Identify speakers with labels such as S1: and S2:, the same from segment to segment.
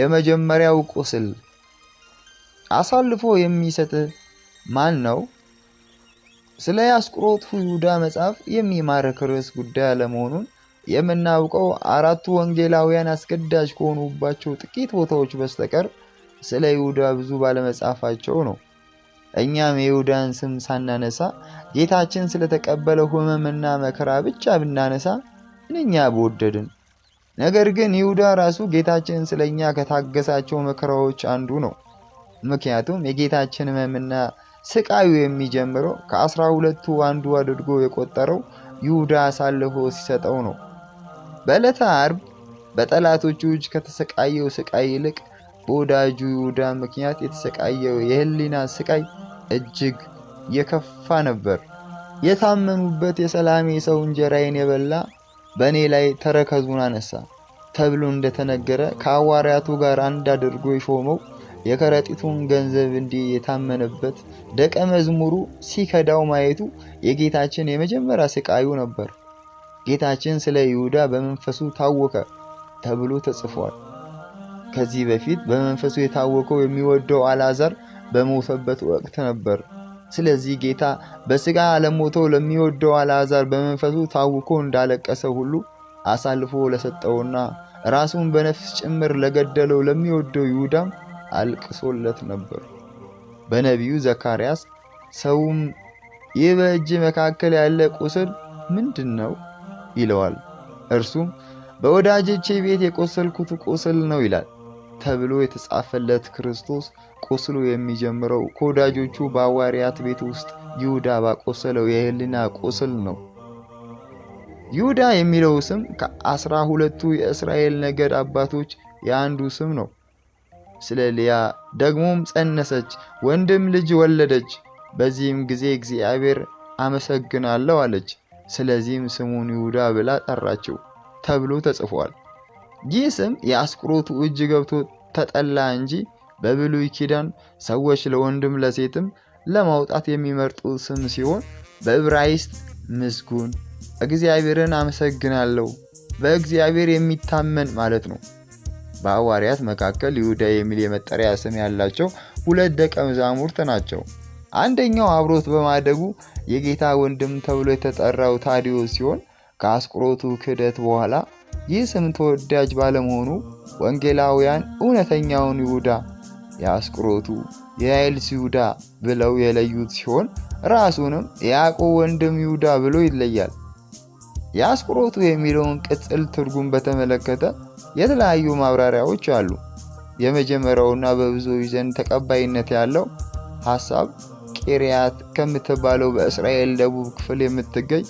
S1: የመጀመሪያው ቁስል አሳልፎ የሚሰጥ ማን ነው? ስለ ያስቆሮቱ ይሁዳ መጽሐፍ የሚማርክ ርዕስ ጉዳይ አለመሆኑን የምናውቀው አራቱ ወንጌላውያን አስገዳጅ ከሆኑባቸው ጥቂት ቦታዎች በስተቀር ስለ ይሁዳ ብዙ ባለመጻፋቸው ነው። እኛም የይሁዳን ስም ሳናነሳ ጌታችን ስለተቀበለው ሕመምና መከራ ብቻ ብናነሳ ምንኛ በወደድን። ነገር ግን ይሁዳ ራሱ ጌታችን ስለኛ ከታገሳቸው መከራዎች አንዱ ነው። ምክንያቱም የጌታችን ሕመምና ስቃዩ የሚጀምረው ከአስራ ሁለቱ አንዱ አድርጎ የቆጠረው ይሁዳ አሳልፎ ሲሰጠው ነው። በዕለተ አርብ በጠላቶቹ እጅ ከተሰቃየው ስቃይ ይልቅ በወዳጁ ይሁዳ ምክንያት የተሰቃየው የህሊና ስቃይ እጅግ የከፋ ነበር። የታመኑበት የሰላሜ ሰው እንጀራዬን የበላ በእኔ ላይ ተረከዙን አነሳ ተብሎ እንደተነገረ ከሐዋርያቱ ጋር አንድ አድርጎ የሾመው የከረጢቱን ገንዘብ እንዲህ የታመነበት ደቀ መዝሙሩ ሲከዳው ማየቱ የጌታችን የመጀመሪያ ስቃዩ ነበር። ጌታችን ስለ ይሁዳ በመንፈሱ ታወከ ተብሎ ተጽፏል። ከዚህ በፊት በመንፈሱ የታወከው የሚወደው አልዓዛር በሞተበት ወቅት ነበር። ስለዚህ ጌታ በሥጋ ለሞቶ ለሚወደው አልዓዛር በመንፈሱ ታውኮ እንዳለቀሰ ሁሉ አሳልፎ ለሰጠውና ራሱን በነፍስ ጭምር ለገደለው ለሚወደው ይሁዳም አልቅሶለት ነበር። በነቢዩ ዘካርያስ ሰውም ይህ በእጅ መካከል ያለ ቁስል ምንድን ነው ይለዋል። እርሱም በወዳጆቼ ቤት የቆሰልኩት ቁስል ነው ይላል። ተብሎ የተጻፈለት ክርስቶስ ቆስሎ የሚጀምረው ከወዳጆቹ በሐዋርያት ቤት ውስጥ ይሁዳ ባቆሰለው የህሊና ቁስል ነው። ይሁዳ የሚለው ስም ከአስራ ሁለቱ የእስራኤል ነገድ አባቶች የአንዱ ስም ነው። ስለ ልያ ደግሞም ጸነሰች፣ ወንድም ልጅ ወለደች። በዚህም ጊዜ እግዚአብሔር አመሰግናለሁ አለች። ስለዚህም ስሙን ይሁዳ ብላ ጠራችው ተብሎ ተጽፏል። ይህ ስም የአስቆሮቱ እጅ ገብቶ ተጠላ እንጂ በብሉይ ኪዳን ሰዎች ለወንድም ለሴትም ለማውጣት የሚመርጡ ስም ሲሆን በዕብራይስጥ ምስጉን፣ እግዚአብሔርን አመሰግናለሁ፣ በእግዚአብሔር የሚታመን ማለት ነው። በአዋርያት መካከል ይሁዳ የሚል የመጠሪያ ስም ያላቸው ሁለት ደቀ መዛሙርት ናቸው። አንደኛው አብሮት በማደጉ የጌታ ወንድም ተብሎ የተጠራው ታዲዮ ሲሆን ከአስቆሮቱ ክህደት በኋላ ይህ ስም ተወዳጅ ባለመሆኑ ወንጌላውያን እውነተኛውን ይሁዳ የአስቆሮቱ የያይልስ ይሁዳ ብለው የለዩት ሲሆን ራሱንም የያዕቆብ ወንድም ይሁዳ ብሎ ይለያል። የአስቆሮቱ የሚለውን ቅጽል ትርጉም በተመለከተ የተለያዩ ማብራሪያዎች አሉ። የመጀመሪያውና በብዙዎች ዘንድ ተቀባይነት ያለው ሐሳብ ቂርያት ከምትባለው በእስራኤል ደቡብ ክፍል የምትገኝ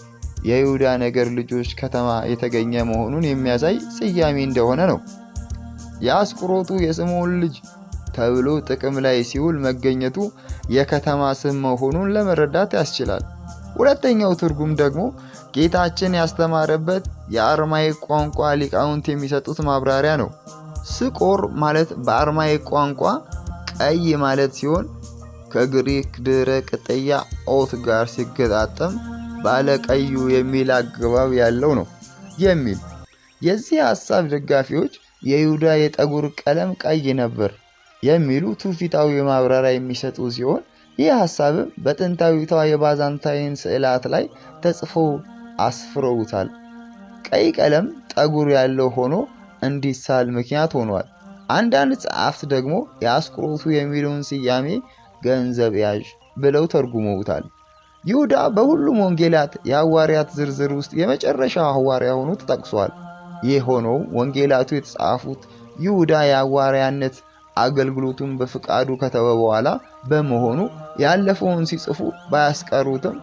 S1: የይሁዳ ነገር ልጆች ከተማ የተገኘ መሆኑን የሚያሳይ ስያሜ እንደሆነ ነው። የአስቆሮቱ የስምዖን ልጅ ተብሎ ጥቅም ላይ ሲውል መገኘቱ የከተማ ስም መሆኑን ለመረዳት ያስችላል። ሁለተኛው ትርጉም ደግሞ ጌታችን ያስተማረበት የአርማይክ ቋንቋ ሊቃውንት የሚሰጡት ማብራሪያ ነው። ስቆር ማለት በአርማይክ ቋንቋ ቀይ ማለት ሲሆን ከግሪክ ድረ ቅጥያ ኦት ጋር ሲገጣጠም ባለቀዩ የሚል አገባብ ያለው ነው የሚል የዚህ ሐሳብ ደጋፊዎች የይሁዳ የጠጉር ቀለም ቀይ ነበር የሚሉ ትውፊታዊ ማብራሪያ የሚሰጡ ሲሆን ይህ ሐሳብም በጥንታዊቷ የባዛንታይን ስዕላት ላይ ተጽፎ አስፍረውታል። ቀይ ቀለም ጠጉር ያለው ሆኖ እንዲሳል ምክንያት ሆኗል። አንዳንድ ጸሐፍት ደግሞ የአስቆሮቱ የሚለውን ስያሜ ገንዘብ ያዥ ብለው ተርጉመውታል። ይሁዳ በሁሉም ወንጌላት የሐዋርያት ዝርዝር ውስጥ የመጨረሻ ሐዋርያ ሆኖ ተጠቅሷል። ይህ ሆነው ወንጌላቱ የተጻፉት ይሁዳ የሐዋርያነት አገልግሎቱን በፍቃዱ ከተወ በኋላ በመሆኑ ያለፈውን ሲጽፉ ባያስቀሩትም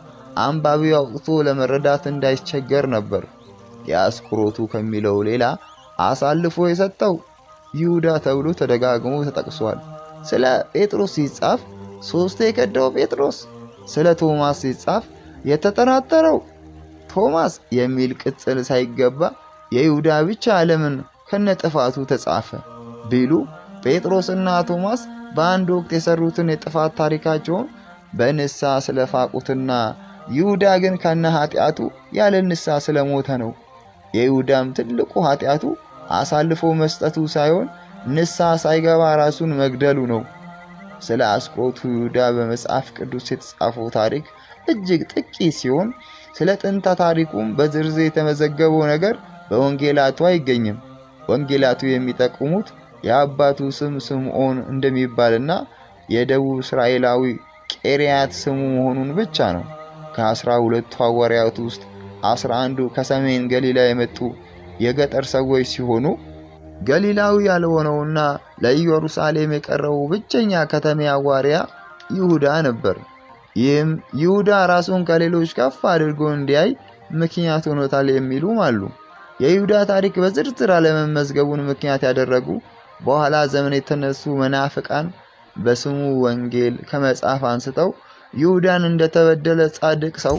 S1: አንባቢው አውቅቶ ለመረዳት እንዳይቸገር ነበር። የአስቆሮቱ ከሚለው ሌላ አሳልፎ የሰጠው ይሁዳ ተብሎ ተደጋግሞ ተጠቅሷል። ስለ ጴጥሮስ ሲጻፍ ሶስቴ የከዳው ጴጥሮስ ስለ ቶማስ ሲጻፍ የተጠራጠረው ቶማስ የሚል ቅጽል ሳይገባ የይሁዳ ብቻ ዓለምን ከነጥፋቱ ተጻፈ ቢሉ ጴጥሮስና ቶማስ በአንድ ወቅት የሰሩትን የጥፋት ታሪካቸውን ስለ ስለፋቁትና ይሁዳ ግን ከነ ኃጢአቱ ያለ ስለ ስለሞተ ነው። የይሁዳም ትልቁ ኃጢአቱ አሳልፎ መስጠቱ ሳይሆን ንሳ ሳይገባ ራሱን መግደሉ ነው። ስለ አስቆቱ ይሁዳ በመጽሐፍ ቅዱስ የተጻፈው ታሪክ እጅግ ጥቂት ሲሆን ስለ ጥንታ ታሪኩም በዝርዝር የተመዘገበው ነገር በወንጌላቱ አይገኝም። ወንጌላቱ የሚጠቁሙት የአባቱ ስም ስምዖን እንደሚባልና የደቡብ እስራኤላዊ ቄርያት ስሙ መሆኑን ብቻ ነው። ከአስራ ሁለቱ ሐዋርያት ውስጥ አስራ አንዱ ከሰሜን ገሊላ የመጡ የገጠር ሰዎች ሲሆኑ ገሊላዊ ያልሆነውና ለኢየሩሳሌም የቀረው ብቸኛ ከተሜ አዋርያ ይሁዳ ነበር። ይህም ይሁዳ ራሱን ከሌሎች ከፍ አድርጎ እንዲያይ ምክንያት ሆኖታል የሚሉም አሉ። የይሁዳ ታሪክ በዝርዝር አለመመዝገቡን ምክንያት ያደረጉ በኋላ ዘመን የተነሱ መናፍቃን በስሙ ወንጌል ከመጽሐፍ አንስተው ይሁዳን እንደተበደለ ጻድቅ ሰው፣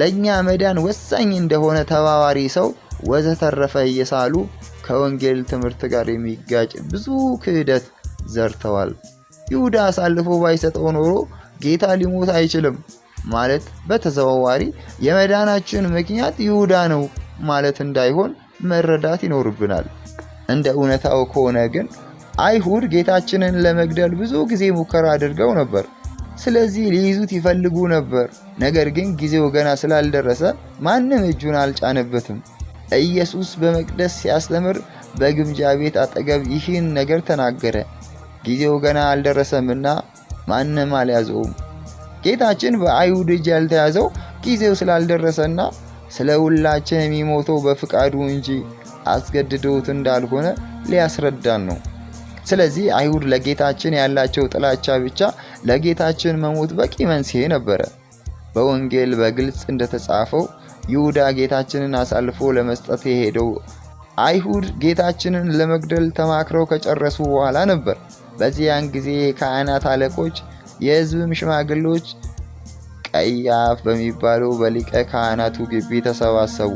S1: ለእኛ መዳን ወሳኝ እንደሆነ ተባባሪ ሰው፣ ወዘተረፈ እየሳሉ ከወንጌል ትምህርት ጋር የሚጋጭ ብዙ ክህደት ዘርተዋል። ይሁዳ አሳልፎ ባይሰጠው ኖሮ ጌታ ሊሞት አይችልም ማለት በተዘዋዋሪ የመዳናችን ምክንያት ይሁዳ ነው ማለት እንዳይሆን መረዳት ይኖርብናል። እንደ እውነታው ከሆነ ግን አይሁድ ጌታችንን ለመግደል ብዙ ጊዜ ሙከራ አድርገው ነበር። ስለዚህ ሊይዙት ይፈልጉ ነበር። ነገር ግን ጊዜው ገና ስላልደረሰ ማንም እጁን አልጫነበትም። ኢየሱስ በመቅደስ ሲያስተምር በግምጃ ቤት አጠገብ ይህን ነገር ተናገረ። ጊዜው ገና አልደረሰምና ማንም አልያዘውም። ጌታችን በአይሁድ እጅ ያልተያዘው ጊዜው ስላልደረሰና ስለ ሁላችን የሚሞተው በፍቃዱ እንጂ አስገድደውት እንዳልሆነ ሊያስረዳን ነው። ስለዚህ አይሁድ ለጌታችን ያላቸው ጥላቻ ብቻ ለጌታችን መሞት በቂ መንስኤ ነበረ። በወንጌል በግልጽ እንደተጻፈው ይሁዳ ጌታችንን አሳልፎ ለመስጠት የሄደው። አይሁድ ጌታችንን ለመግደል ተማክረው ከጨረሱ በኋላ ነበር። በዚያን ጊዜ የካህናት አለቆች፣ የሕዝብም ሽማግሎች ቀያፍ በሚባለው በሊቀ ካህናቱ ግቢ ተሰባሰቡ።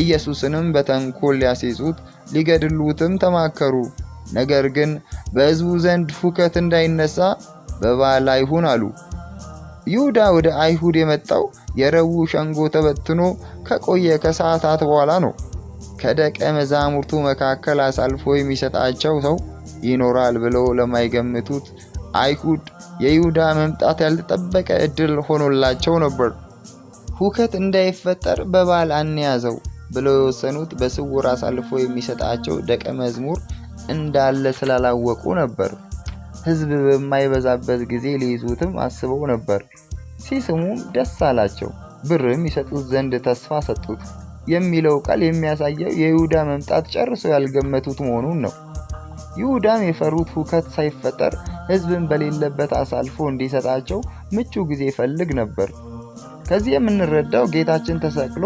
S1: ኢየሱስንም በተንኮል ሊያስይዙት ሊገድሉትም ተማከሩ። ነገር ግን በሕዝቡ ዘንድ ሁከት እንዳይነሳ በበዓል አይሁን አሉ። ይሁዳ ወደ አይሁድ የመጣው የረቡዕ ሸንጎ ተበትኖ ከቆየ ከሰዓታት በኋላ ነው ከደቀ መዛሙርቱ መካከል አሳልፎ የሚሰጣቸው ሰው ይኖራል ብለው ለማይገምቱት አይሁድ የይሁዳ መምጣት ያልተጠበቀ እድል ሆኖላቸው ነበር። ሁከት እንዳይፈጠር በባል አንያዘው ብለው የወሰኑት በስውር አሳልፎ የሚሰጣቸው ደቀ መዝሙር እንዳለ ስላላወቁ ነበር። ሕዝብ በማይበዛበት ጊዜ ሊይዙትም አስበው ነበር። ሲስሙ ደስ አላቸው፣ ብርም ይሰጡት ዘንድ ተስፋ ሰጡት የሚለው ቃል የሚያሳየው የይሁዳ መምጣት ጨርሶ ያልገመቱት መሆኑን ነው። ይሁዳም የፈሩት ሁከት ሳይፈጠር ሕዝብን በሌለበት አሳልፎ እንዲሰጣቸው ምቹ ጊዜ ይፈልግ ነበር። ከዚህ የምንረዳው ጌታችን ተሰቅሎ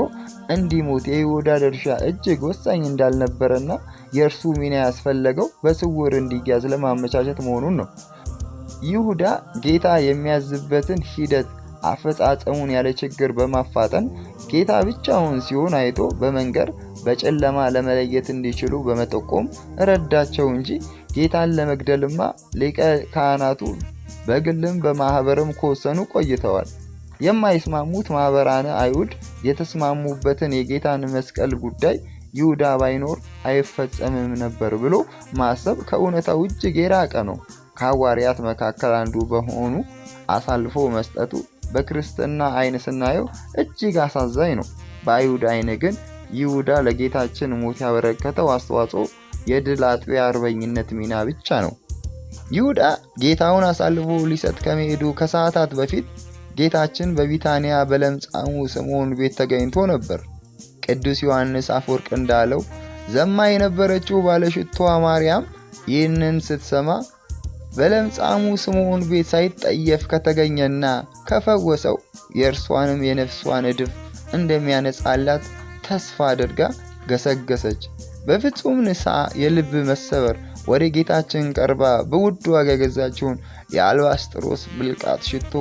S1: እንዲሞት የይሁዳ ድርሻ እጅግ ወሳኝ እንዳልነበረና የእርሱ ሚና ያስፈለገው በስውር እንዲያዝ ለማመቻቸት መሆኑን ነው። ይሁዳ ጌታ የሚያዝበትን ሂደት አፈጻጸሙን ያለ ችግር በማፋጠን ጌታ ብቻውን ሲሆን አይቶ በመንገር በጨለማ ለመለየት እንዲችሉ በመጠቆም ረዳቸው እንጂ ጌታን ለመግደልማ ሊቀ ካህናቱ በግልም በማህበርም ከወሰኑ ቆይተዋል። የማይስማሙት ማህበራነ አይሁድ የተስማሙበትን የጌታን መስቀል ጉዳይ ይሁዳ ባይኖር አይፈጸምም ነበር ብሎ ማሰብ ከእውነታው እጅግ የራቀ ነው። ከሐዋርያት መካከል አንዱ በሆኑ አሳልፎ መስጠቱ በክርስትና አይን ስናየው እጅግ አሳዛኝ ነው። በአይሁድ አይን ግን ይሁዳ ለጌታችን ሞት ያበረከተው አስተዋጽኦ የድል አጥቢያ አርበኝነት ሚና ብቻ ነው። ይሁዳ ጌታውን አሳልፎ ሊሰጥ ከመሄዱ ከሰዓታት በፊት ጌታችን በቢታንያ በለምጻሙ ስምዖን ቤት ተገኝቶ ነበር። ቅዱስ ዮሐንስ አፈወርቅ እንዳለው ዘማ የነበረችው ባለሽቶዋ ማርያም ይህንን ስትሰማ በለምጻሙ ስምዖን ቤት ሳይጠየፍ ከተገኘና ከፈወሰው የእርሷንም የነፍሷን እድፍ እንደሚያነጻላት ተስፋ አድርጋ ገሰገሰች። በፍጹም ንስሐ የልብ መሰበር ወደ ጌታችን ቀርባ በውድ ዋጋ የገዛችውን የአልባስጥሮስ ብልቃጥ ሽቶ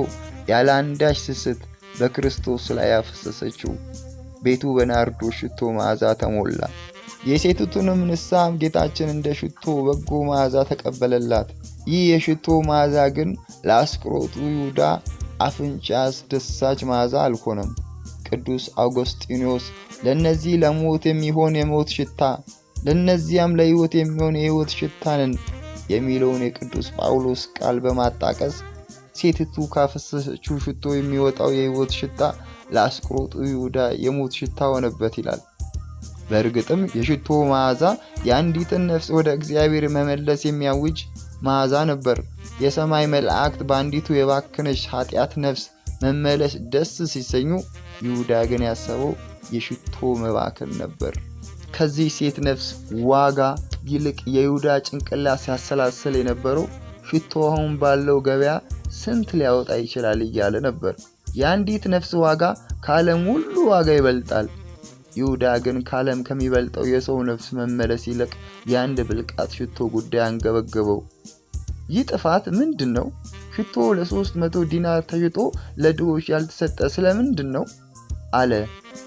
S1: ያለ አንዳች ስስት በክርስቶስ ላይ ያፈሰሰችው ቤቱ በናርዶ ሽቶ መዓዛ ተሞላ። የሴቲቱንም ንስሐም ጌታችን እንደ ሽቶ በጎ መዓዛ ተቀበለላት። ይህ የሽቶ መዓዛ ግን ለአስቆሮቱ ይሁዳ አፍንጫ አስደሳች መዓዛ አልሆነም። ቅዱስ አውጎስጢኖስ ለእነዚህ ለሞት የሚሆን የሞት ሽታ ለእነዚያም ለሕይወት የሚሆን የሕይወት ሽታንን የሚለውን የቅዱስ ጳውሎስ ቃል በማጣቀስ ሴትቱ ካፈሰሰችው ሽቶ የሚወጣው የሕይወት ሽታ ለአስቆሮቱ ይሁዳ የሞት ሽታ ሆነበት ይላል። በእርግጥም የሽቶ መዓዛ የአንዲትን ነፍስ ወደ እግዚአብሔር መመለስ የሚያውጅ መዓዛ ነበር። የሰማይ መላእክት በአንዲቱ የባከነች ኃጢአት ነፍስ መመለስ ደስ ሲሰኙ፣ ይሁዳ ግን ያሰበው የሽቶ መባከን ነበር። ከዚህ ሴት ነፍስ ዋጋ ይልቅ የይሁዳ ጭንቅላ ሲያሰላስል የነበረው ሽቶ አሁን ባለው ገበያ ስንት ሊያወጣ ይችላል እያለ ነበር። የአንዲት ነፍስ ዋጋ ከዓለም ሁሉ ዋጋ ይበልጣል። ይሁዳ ግን ከዓለም ከሚበልጠው የሰው ነፍስ መመለስ ይልቅ የአንድ ብልቃት ሽቶ ጉዳይ አንገበገበው። ይህ ጥፋት ምንድን ነው? ሽቶ ለሶስት መቶ ዲናር ተሽጦ ለድሆች ያልተሰጠ ስለምንድን ነው? አለ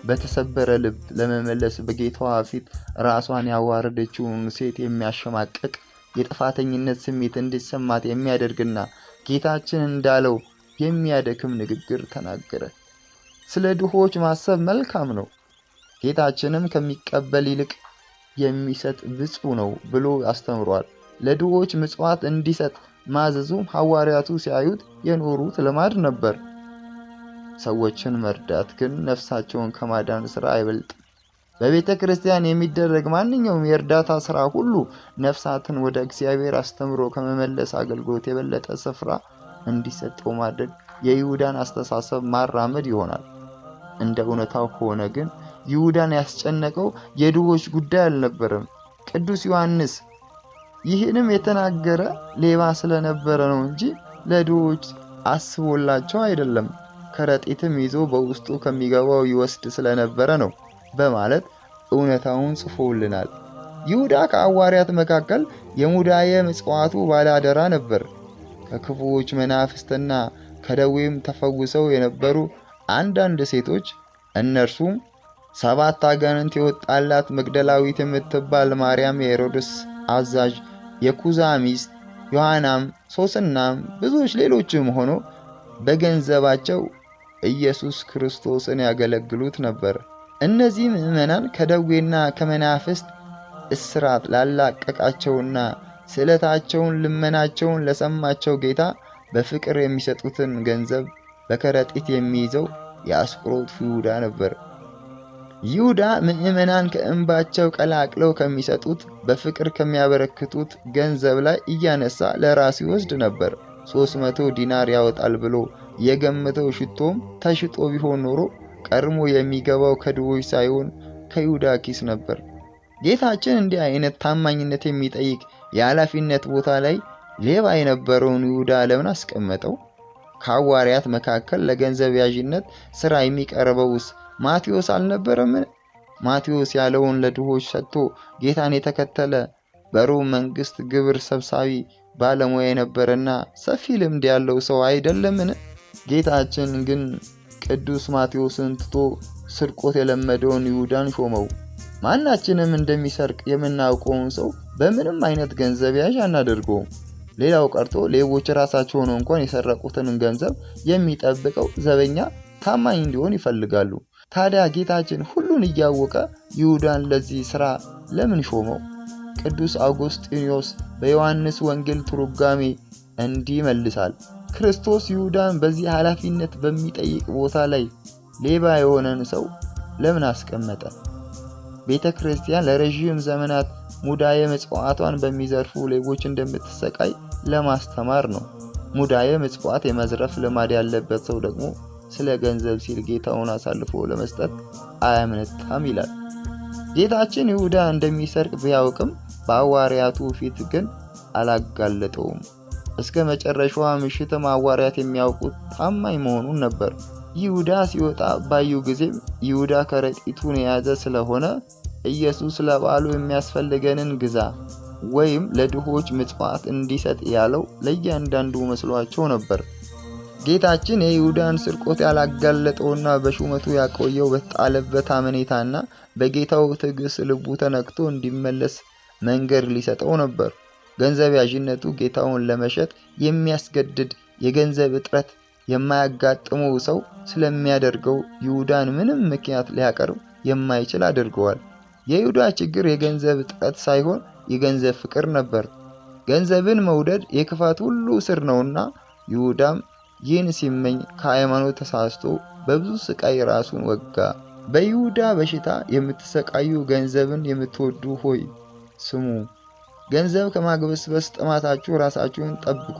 S1: በተሰበረ ልብ ለመመለስ በጌታዋ ፊት ራሷን ያዋረደችውን ሴት የሚያሸማቀቅ የጥፋተኝነት ስሜት እንዲሰማት የሚያደርግና ጌታችን እንዳለው የሚያደክም ንግግር ተናገረ። ስለ ድሆች ማሰብ መልካም ነው፣ ጌታችንም ከሚቀበል ይልቅ የሚሰጥ ብፁ ነው ብሎ አስተምሯል። ለድሆች ምጽዋት እንዲሰጥ ማዘዙ ሐዋርያቱ ሲያዩት የኖሩት ልማድ ነበር። ሰዎችን መርዳት ግን ነፍሳቸውን ከማዳን ሥራ አይበልጥም። በቤተ ክርስቲያን የሚደረግ ማንኛውም የእርዳታ ሥራ ሁሉ ነፍሳትን ወደ እግዚአብሔር አስተምሮ ከመመለስ አገልግሎት የበለጠ ስፍራ እንዲሰጠው ማድረግ የይሁዳን አስተሳሰብ ማራመድ ይሆናል። እንደ እውነታው ከሆነ ግን ይሁዳን ያስጨነቀው የድሆች ጉዳይ አልነበረም። ቅዱስ ዮሐንስ ይህንም የተናገረ ሌባ ስለነበረ ነው እንጂ ለድሆች አስቦላቸው አይደለም፣ ከረጢትም ይዞ በውስጡ ከሚገባው ይወስድ ስለነበረ ነው በማለት እውነታውን ጽፎልናል። ይሁዳ ከአዋርያት መካከል የሙዳየ ምጽዋቱ ባለአደራ ነበር። ከክፉዎች መናፍስትና ከደዌም ተፈውሰው የነበሩ አንዳንድ ሴቶች እነርሱም ሰባት አጋንንት የወጣላት መግደላዊት የምትባል ማርያም፣ የሄሮድስ አዛዥ፣ የኩዛ ሚስት፣ ዮሐናም፣ ሶስናም ብዙዎች ሌሎችም ሆኖ በገንዘባቸው ኢየሱስ ክርስቶስን ያገለግሉት ነበር። እነዚህ ምዕመናን ከደዌና ከመናፍስት እስራት ላላቀቃቸውና ስዕለታቸውን ልመናቸውን ለሰማቸው ጌታ በፍቅር የሚሰጡትን ገንዘብ በከረጢት የሚይዘው የአስቆሮቱ ይሁዳ ነበር። ይሁዳ ምዕመናን ከእንባቸው ቀላቅለው ከሚሰጡት በፍቅር ከሚያበረክቱት ገንዘብ ላይ እያነሳ ለራሱ ይወስድ ነበር። 300 ዲናር ያወጣል ብሎ የገመተው ሽቶም ተሽጦ ቢሆን ኖሮ ቀድሞ የሚገባው ከድሆች ሳይሆን ከይሁዳ ኪስ ነበር። ጌታችን እንዲህ አይነት ታማኝነት የሚጠይቅ የኃላፊነት ቦታ ላይ ሌባ የነበረውን ይሁዳ ለምን አስቀመጠው? ከሐዋርያት መካከል ለገንዘብ ያዥነት ሥራ የሚቀርበውስ ማቴዎስ አልነበረምን? ማቴዎስ ያለውን ለድሆች ሰጥቶ ጌታን የተከተለ በሮም መንግስት ግብር ሰብሳቢ ባለሙያ የነበረና ሰፊ ልምድ ያለው ሰው አይደለምን? ጌታችን ግን ቅዱስ ማቴዎስን ትቶ ስርቆት የለመደውን ይሁዳን ሾመው። ማናችንም እንደሚሰርቅ የምናውቀውን ሰው በምንም አይነት ገንዘብ ያዥ አናደርገውም። ሌላው ቀርቶ ሌቦች ራሳቸው ሆነው እንኳን የሰረቁትን ገንዘብ የሚጠብቀው ዘበኛ ታማኝ እንዲሆን ይፈልጋሉ። ታዲያ ጌታችን ሁሉን እያወቀ ይሁዳን ለዚህ ሥራ ለምን ሾመው? ቅዱስ አውጉስጢኖስ በዮሐንስ ወንጌል ትርጓሜ እንዲህ ይመልሳል። ክርስቶስ ይሁዳን በዚህ ኃላፊነት በሚጠይቅ ቦታ ላይ ሌባ የሆነን ሰው ለምን አስቀመጠ? ቤተ ክርስቲያን ለረዥም ዘመናት ሙዳየ ምጽዋቷን በሚዘርፉ ሌቦች እንደምትሰቃይ ለማስተማር ነው። ሙዳየ ምጽዋት የመዝረፍ ልማድ ያለበት ሰው ደግሞ ስለ ገንዘብ ሲል ጌታውን አሳልፎ ለመስጠት አያምነታም ይላል። ጌታችን ይሁዳ እንደሚሰርቅ ቢያውቅም በሐዋርያቱ ፊት ግን አላጋለጠውም። እስከ መጨረሻዋ ምሽትም ሐዋርያት የሚያውቁት ታማኝ መሆኑን ነበር። ይሁዳ ሲወጣ ባዩ ጊዜም ይሁዳ ከረጢቱን የያዘ ስለሆነ ኢየሱስ ለበዓሉ የሚያስፈልገንን ግዛ ወይም ለድሆች ምጽዋት እንዲሰጥ ያለው ለእያንዳንዱ መስሏቸው ነበር። ጌታችን የይሁዳን ስርቆት ያላጋለጠውና በሹመቱ ያቆየው በተጣለበት አመኔታና በጌታው ትዕግስት ልቡ ተነክቶ እንዲመለስ መንገድ ሊሰጠው ነበር። ገንዘብ ያዥነቱ ጌታውን ለመሸጥ የሚያስገድድ የገንዘብ እጥረት የማያጋጥመው ሰው ስለሚያደርገው ይሁዳን ምንም ምክንያት ሊያቀርብ የማይችል አድርገዋል። የይሁዳ ችግር የገንዘብ እጥረት ሳይሆን የገንዘብ ፍቅር ነበር። ገንዘብን መውደድ የክፋት ሁሉ ስር ነውና ይሁዳም ይህን ሲመኝ ከሃይማኖት ተሳስቶ በብዙ ስቃይ ራሱን ወጋ። በይሁዳ በሽታ የምትሰቃዩ ገንዘብን የምትወዱ ሆይ ስሙ። ገንዘብ ከማግበስበስ ጥማታችሁ ራሳችሁን ጠብቁ።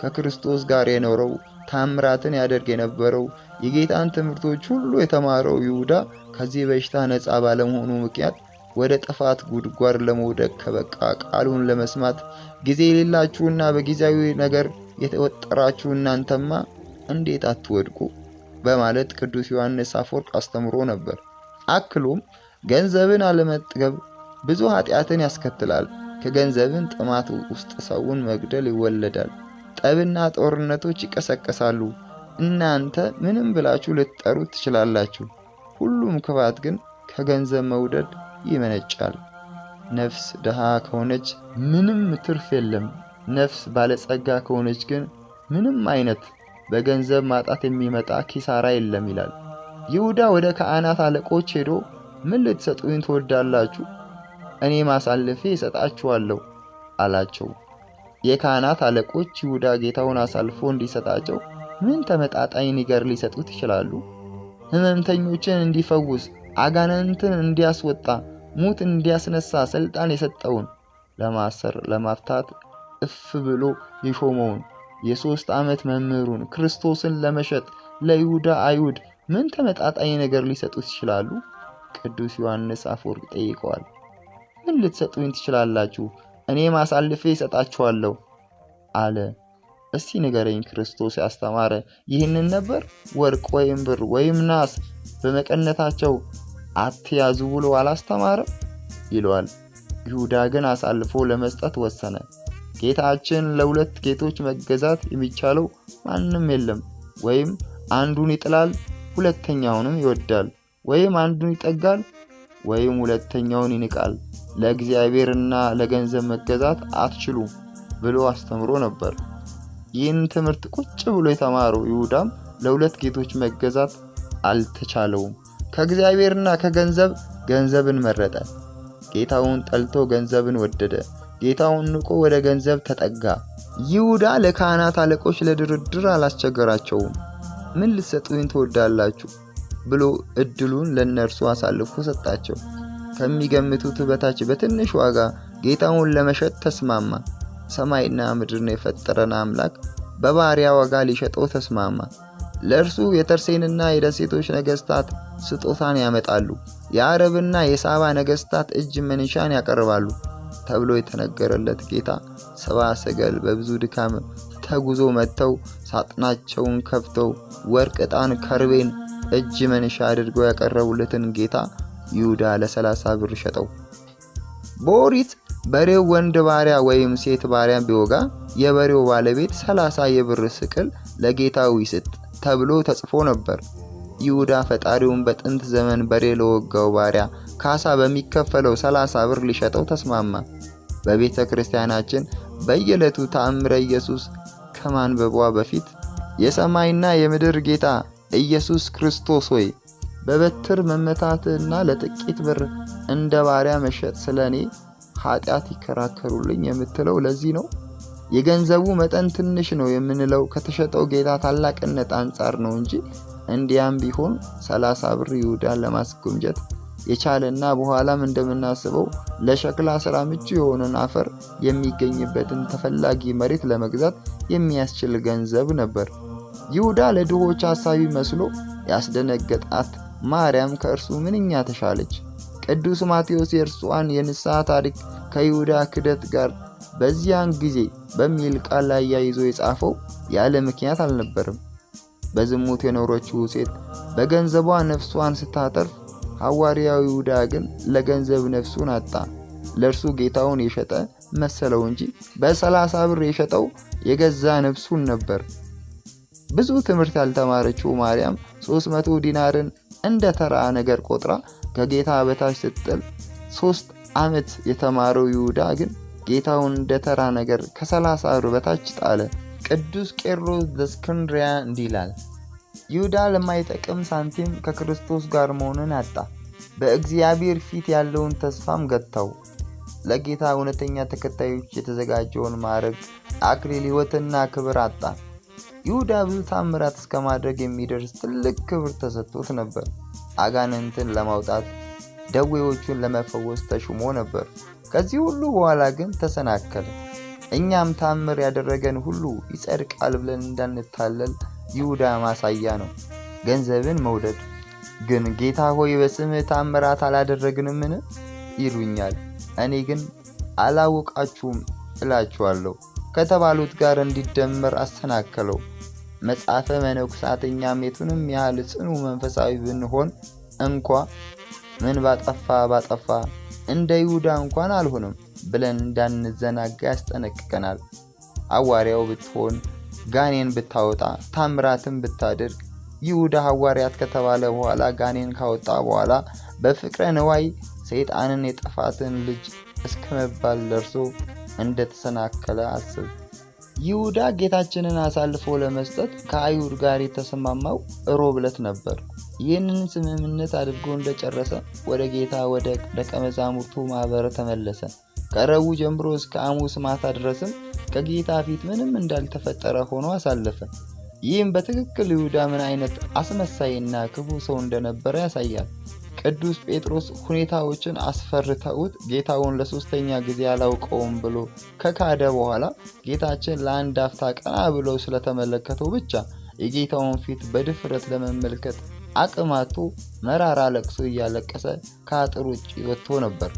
S1: ከክርስቶስ ጋር የኖረው ታምራትን ያደርግ የነበረው የጌታን ትምህርቶች ሁሉ የተማረው ይሁዳ ከዚህ በሽታ ነፃ ባለመሆኑ ምክንያት ወደ ጥፋት ጉድጓድ ለመውደቅ ከበቃ ቃሉን ለመስማት ጊዜ የሌላችሁና በጊዜያዊ ነገር የተወጠራችሁ እናንተማ እንዴት አትወድቁ በማለት ቅዱስ ዮሐንስ አፈወርቅ አስተምሮ ነበር። አክሎም ገንዘብን አለመጥገብ ብዙ ኃጢአትን ያስከትላል። ከገንዘብን ጥማት ውስጥ ሰውን መግደል ይወለዳል። ጠብና ጦርነቶች ይቀሰቀሳሉ። እናንተ ምንም ብላችሁ ልትጠሩት ትችላላችሁ። ሁሉም ክፋት ግን ከገንዘብ መውደድ ይመነጫል። ነፍስ ድሃ ከሆነች ምንም ትርፍ የለም። ነፍስ ባለጸጋ ከሆነች ግን ምንም አይነት በገንዘብ ማጣት የሚመጣ ኪሳራ የለም ይላል። ይሁዳ ወደ ካህናት አለቆች ሄዶ ምን ልትሰጡኝ ትወዳላችሁ? እኔ ማሳልፌ እሰጣችኋለሁ አላቸው። የካህናት አለቆች ይሁዳ ጌታውን አሳልፎ እንዲሰጣቸው ምን ተመጣጣኝ ነገር ሊሰጡት ይችላሉ? ሕመምተኞችን እንዲፈውስ፣ አጋንንትን እንዲያስወጣ፣ ሙት እንዲያስነሳ ስልጣን የሰጠውን ለማሰር ለማፍታት እፍ ብሎ የሾመውን የሦስት ዓመት መምህሩን ክርስቶስን ለመሸጥ ለይሁዳ አይሁድ ምን ተመጣጣኝ ነገር ሊሰጡት ይችላሉ? ቅዱስ ዮሐንስ አፈወርቅ ጠይቀዋል። ምን ልትሰጡኝ ትችላላችሁ? እኔም አሳልፌ እሰጣችኋለሁ አለ። እስቲ ንገረኝ፣ ክርስቶስ ያስተማረ ይህንን ነበር? ወርቅ ወይም ብር ወይም ናስ በመቀነታቸው አትያዙ ብሎ አላስተማረም ይለዋል። ይሁዳ ግን አሳልፎ ለመስጠት ወሰነ። ጌታችን ለሁለት ጌቶች መገዛት የሚቻለው ማንም የለም። ወይም አንዱን ይጥላል፣ ሁለተኛውንም ይወዳል፣ ወይም አንዱን ይጠጋል፣ ወይም ሁለተኛውን ይንቃል። ለእግዚአብሔርና ለገንዘብ መገዛት አትችሉም ብሎ አስተምሮ ነበር። ይህን ትምህርት ቁጭ ብሎ የተማረው ይሁዳም ለሁለት ጌቶች መገዛት አልተቻለውም። ከእግዚአብሔርና ከገንዘብ ገንዘብን መረጠ። ጌታውን ጠልቶ ገንዘብን ወደደ። ጌታውን ንቆ ወደ ገንዘብ ተጠጋ። ይሁዳ ለካህናት አለቆች ለድርድር አላስቸገራቸውም። ምን ልትሰጡኝ ትወዳላችሁ ብሎ እድሉን ለእነርሱ አሳልፎ ሰጣቸው። ከሚገምቱት በታች በትንሽ ዋጋ ጌታውን ለመሸጥ ተስማማ። ሰማይና ምድርን የፈጠረን አምላክ በባሪያ ዋጋ ሊሸጠው ተስማማ። ለእርሱ የተርሴንና የደሴቶች ነገስታት ስጦታን ያመጣሉ፣ የአረብና የሳባ ነገስታት እጅ መንሻን ያቀርባሉ። ተብሎ የተነገረለት ጌታ ሰብአ ሰገል በብዙ ድካም ተጉዞ መጥተው ሳጥናቸውን ከፍተው ወርቅ፣ ዕጣን፣ ከርቤን እጅ መንሻ አድርገው ያቀረቡለትን ጌታ ይሁዳ ለሰላሳ ብር ሸጠው። በኦሪት በሬው ወንድ ባሪያ ወይም ሴት ባሪያ ቢወጋ የበሬው ባለቤት ሰላሳ የብር ስቅል ለጌታው ይስጥ ተብሎ ተጽፎ ነበር። ይሁዳ ፈጣሪውን በጥንት ዘመን በሬ ለወጋው ባሪያ ካሳ በሚከፈለው ሰላሳ ብር ሊሸጠው ተስማማ። በቤተ ክርስቲያናችን በየዕለቱ ተአምረ ኢየሱስ ከማንበቧ በፊት የሰማይና የምድር ጌታ ኢየሱስ ክርስቶስ ሆይ በበትር መመታትና ለጥቂት ብር እንደ ባሪያ መሸጥ ስለ እኔ ኃጢአት ይከራከሩልኝ የምትለው ለዚህ ነው። የገንዘቡ መጠን ትንሽ ነው የምንለው ከተሸጠው ጌታ ታላቅነት አንጻር ነው እንጂ እንዲያም ቢሆን ሰላሳ ብር ይሁዳን ለማስጎምጀት የቻለና በኋላም እንደምናስበው ለሸክላ ስራ ምቹ የሆነን አፈር የሚገኝበትን ተፈላጊ መሬት ለመግዛት የሚያስችል ገንዘብ ነበር። ይሁዳ ለድሆች አሳቢ መስሎ ያስደነገጣት ማርያም ከእርሱ ምንኛ ተሻለች። ቅዱስ ማቴዎስ የእርሷን የንስሐ ታሪክ ከይሁዳ ክደት ጋር በዚያን ጊዜ በሚል ቃል ላይ ያይዞ የጻፈው ያለ ምክንያት አልነበርም። በዝሙት የኖረችው ሴት በገንዘቧ ነፍሷን ስታተርፍ ሐዋርያው ይሁዳ ግን ለገንዘብ ነፍሱን አጣ። ለእርሱ ጌታውን የሸጠ መሰለው እንጂ በሰላሳ ብር የሸጠው የገዛ ነፍሱን ነበር። ብዙ ትምህርት ያልተማረችው ማርያም 300 ዲናርን እንደ ተራ ነገር ቆጥራ ከጌታ በታች ስትጥል፣ ሶስት ዓመት የተማረው ይሁዳ ግን ጌታውን እንደ ተራ ነገር ከ30 ብር በታች ጣለ። ቅዱስ ቄሮስ ዘእስክንድርያ እንዲህ ይላል። ይሁዳ ለማይጠቅም ሳንቲም ከክርስቶስ ጋር መሆንን አጣ። በእግዚአብሔር ፊት ያለውን ተስፋም ገጥተው ለጌታ እውነተኛ ተከታዮች የተዘጋጀውን ማዕረግ፣ አክሊል፣ ሕይወትና ክብር አጣ። ይሁዳ ብዙ ታምራት እስከ ማድረግ የሚደርስ ትልቅ ክብር ተሰጥቶት ነበር። አጋንንትን ለማውጣት ደዌዎቹን ለመፈወስ ተሹሞ ነበር። ከዚህ ሁሉ በኋላ ግን ተሰናከለ። እኛም ታምር ያደረገን ሁሉ ይጸድቃል ብለን እንዳንታለል ይሁዳ ማሳያ ነው። ገንዘብን መውደድ ግን ጌታ ሆይ በስምህ ታምራት አላደረግንምን ይሉኛል። እኔ ግን አላወቃችሁም እላችኋለሁ ከተባሉት ጋር እንዲደመር አስተናከለው። መጽሐፈ መነኮሳት ሜቱንም ያህል ጽኑ መንፈሳዊ ብንሆን እንኳ ምን ባጠፋ ባጠፋ እንደ ይሁዳ እንኳን አልሆንም ብለን እንዳንዘናጋ ያስጠነቅቀናል። አዋርያው ብትሆን ጋኔን ብታወጣ ታምራትን ብታደርግ ይሁዳ ሐዋርያት ከተባለ በኋላ ጋኔን ካወጣ በኋላ በፍቅረ ንዋይ ሰይጣንን የጥፋትን ልጅ እስከ መባል ደርሶ እንደተሰናከለ አስብ። ይሁዳ ጌታችንን አሳልፎ ለመስጠት ከአይሁድ ጋር የተስማማው ሮብ ዕለት ነበር። ይህንን ስምምነት አድርጎ እንደጨረሰ ወደ ጌታ ወደ ደቀ መዛሙርቱ ማኅበረ ተመለሰ። ከረቡ ጀምሮ እስከ ሐሙስ ማታ ድረስም ከጌታ ፊት ምንም እንዳልተፈጠረ ሆኖ አሳለፈ። ይህም በትክክል ይሁዳ ምን አይነት አስመሳይና ክፉ ሰው እንደነበረ ያሳያል። ቅዱስ ጴጥሮስ ሁኔታዎችን አስፈርተውት ጌታውን ለሶስተኛ ጊዜ አላውቀውም ብሎ ከካደ በኋላ ጌታችን ለአንድ አፍታ ቀና ብሎ ስለተመለከተው ብቻ የጌታውን ፊት በድፍረት ለመመልከት አቅማቶ መራራ ለቅሶ እያለቀሰ ከአጥር ውጭ ወጥቶ ነበር።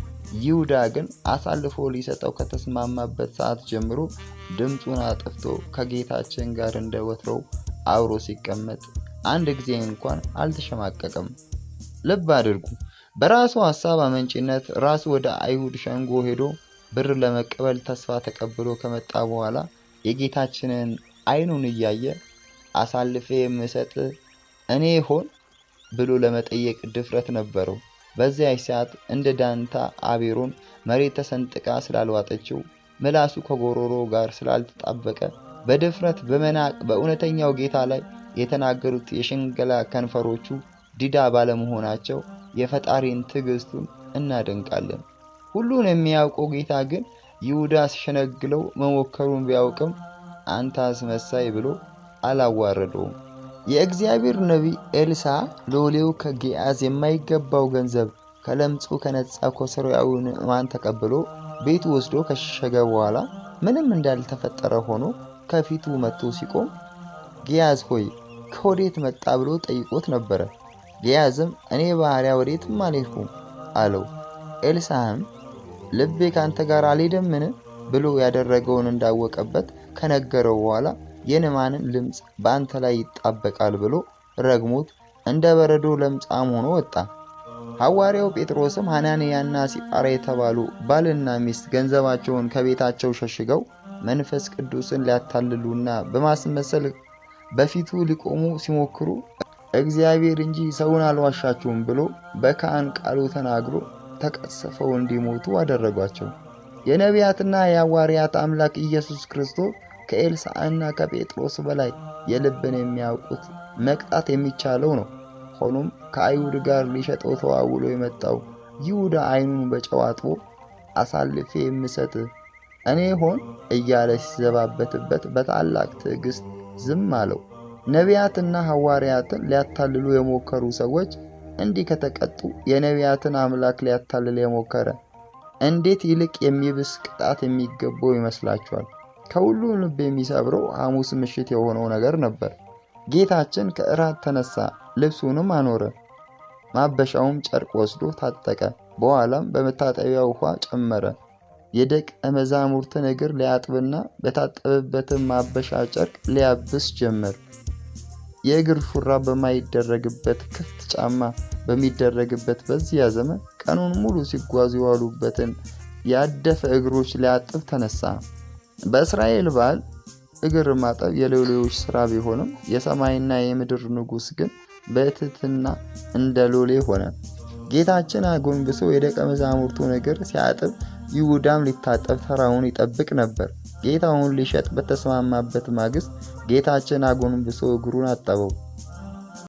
S1: ይሁዳ ግን አሳልፎ ሊሰጠው ከተስማማበት ሰዓት ጀምሮ ድምፁን አጥፍቶ ከጌታችን ጋር እንደ ወትሮው አብሮ ሲቀመጥ አንድ ጊዜ እንኳን አልተሸማቀቀም። ልብ አድርጉ። በራሱ ሀሳብ አመንጭነት ራሱ ወደ አይሁድ ሸንጎ ሄዶ ብር ለመቀበል ተስፋ ተቀብሎ ከመጣ በኋላ የጌታችንን አይኑን እያየ አሳልፌ የምሰጥ እኔ ሆን ብሎ ለመጠየቅ ድፍረት ነበረው። በዚያች ሰዓት እንደ ዳንታ አቤሮን መሬት ተሰንጥቃ ስላልዋጠችው ምላሱ ከጎሮሮ ጋር ስላልተጣበቀ በድፍረት በመናቅ በእውነተኛው ጌታ ላይ የተናገሩት የሽንገላ ከንፈሮቹ ዲዳ ባለመሆናቸው የፈጣሪን ትዕግስቱን እናደንቃለን። ሁሉን የሚያውቀው ጌታ ግን ይሁዳ ሲሸነግለው መሞከሩን ቢያውቅም አንተ አስመሳይ ብሎ አላዋረደውም። የእግዚአብሔር ነቢይ ኤልሳ ሎሌው ከጌአዝ የማይገባው ገንዘብ ከለምጹ ከነጻ ኮሰሪያዊ ንዕማን ተቀብሎ ቤቱ ወስዶ ከሸሸገ በኋላ ምንም እንዳልተፈጠረ ሆኖ ከፊቱ መጥቶ ሲቆም ጌያዝ ሆይ ከወዴት መጣ ብሎ ጠይቆት ነበረ። ጌያዝም እኔ ባሪያ ወዴትም አልሄድኩም አለው። ኤልሳህም ልቤ ከአንተ ጋር አልሄደምን ብሎ ያደረገውን እንዳወቀበት ከነገረው በኋላ የንማንም ልምፅ በአንተ ላይ ይጣበቃል ብሎ ረግሞት እንደ በረዶ ለምጻም ሆኖ ወጣ። ሐዋርያው ጴጥሮስም ሐናንያና ሲጳራ የተባሉ ባልና ሚስት ገንዘባቸውን ከቤታቸው ሸሽገው መንፈስ ቅዱስን ሊያታልሉና በማስመሰል በፊቱ ሊቆሙ ሲሞክሩ እግዚአብሔር እንጂ ሰውን አልዋሻችሁም ብሎ በካህን ቃሉ ተናግሮ ተቀስፈው እንዲሞቱ አደረጓቸው። የነቢያትና የሐዋርያት አምላክ ኢየሱስ ክርስቶስ ከኤልሳዕና ከጴጥሮስ በላይ የልብን የሚያውቁት መቅጣት የሚቻለው ነው። ሆኖም ከአይሁድ ጋር ሊሸጠው ተዋውሎ የመጣው ይሁዳ አይኑን በጨው አጥቦ አሳልፌ የምሰጥ እኔ ሆን እያለ ሲዘባበትበት በታላቅ ትዕግሥት ዝም አለው። ነቢያትና ሐዋርያትን ሊያታልሉ የሞከሩ ሰዎች እንዲህ ከተቀጡ የነቢያትን አምላክ ሊያታልል የሞከረ እንዴት ይልቅ የሚብስ ቅጣት የሚገባው ይመስላችኋል? ከሁሉም ልብ የሚሰብረው ሐሙስ ምሽት የሆነው ነገር ነበር። ጌታችን ከእራት ተነሳ፣ ልብሱንም አኖረ፣ ማበሻውም ጨርቅ ወስዶ ታጠቀ። በኋላም በመታጠቢያ ውኃ ጨመረ። የደቀ መዛሙርትን እግር ሊያጥብና በታጠበበትን ማበሻ ጨርቅ ሊያብስ ጀመር። የእግር ሹራብ በማይደረግበት ክፍት ጫማ በሚደረግበት በዚያ ዘመን ቀኑን ሙሉ ሲጓዙ የዋሉበትን ያደፈ እግሮች ሊያጥብ ተነሳ። በእስራኤል ባህል እግር ማጠብ የሎሌዎች ስራ ቢሆንም የሰማይና የምድር ንጉሥ ግን በትህትና እንደ ሎሌ ሆነ። ጌታችን አጎንብሶ የደቀ መዛሙርቱን እግር ሲያጥብ፣ ይሁዳም ሊታጠብ ተራውን ይጠብቅ ነበር። ጌታውን ሊሸጥ በተስማማበት ማግስት ጌታችን አጎንብሶ እግሩን አጠበው።